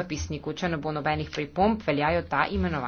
zapisniku, če ne bo nobenih pripomb, veljajo ta imenovanja.